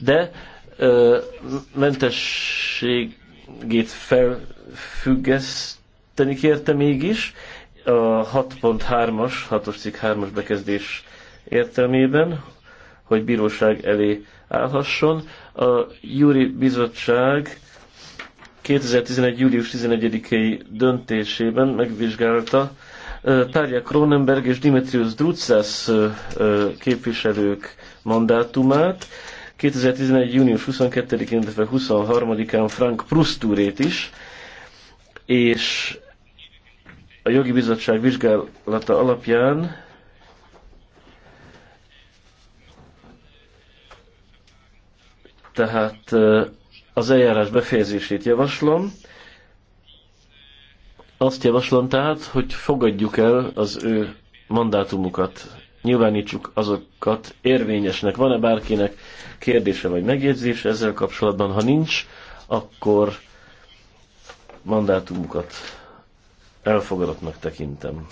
de ö, mentességét felfüggeszteni kérte mégis a 6.3-as, 6-os cikk 3-as bekezdés értelmében, hogy bíróság elé állhasson. A Júri Bizottság 2011. július 11-i döntésében megvizsgálta Tárja Kronenberg és Dimitrius Drucász képviselők mandátumát, 2011. június 22-én, illetve 23-án Frank Prusztúrét is, és a jogi bizottság vizsgálata alapján tehát az eljárás befejezését javaslom. Azt javaslom tehát, hogy fogadjuk el az ő mandátumukat nyilvánítsuk azokat érvényesnek. Van-e bárkinek kérdése vagy megjegyzése ezzel kapcsolatban? Ha nincs, akkor mandátumukat elfogadottnak tekintem.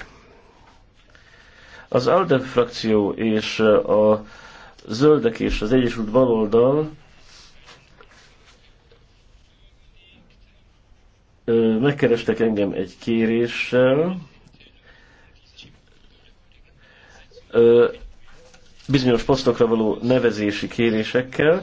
Az ALDE frakció és a Zöldek és az Egyesült Baloldal megkerestek engem egy kéréssel, bizonyos posztokra való nevezési kérésekkel,